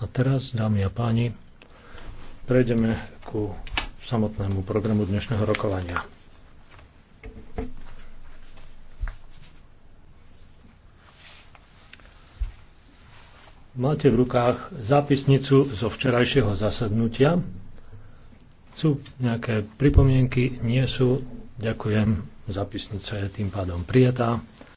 A teraz, dámy a páni, prejdeme ku samotnému programu dnešného rokovania. Máte v rukách zápisnicu zo včerajšieho zasadnutia. Sú nejaké pripomienky? Nie sú. Ďakujem. Zápisnica je tým pádom prijatá.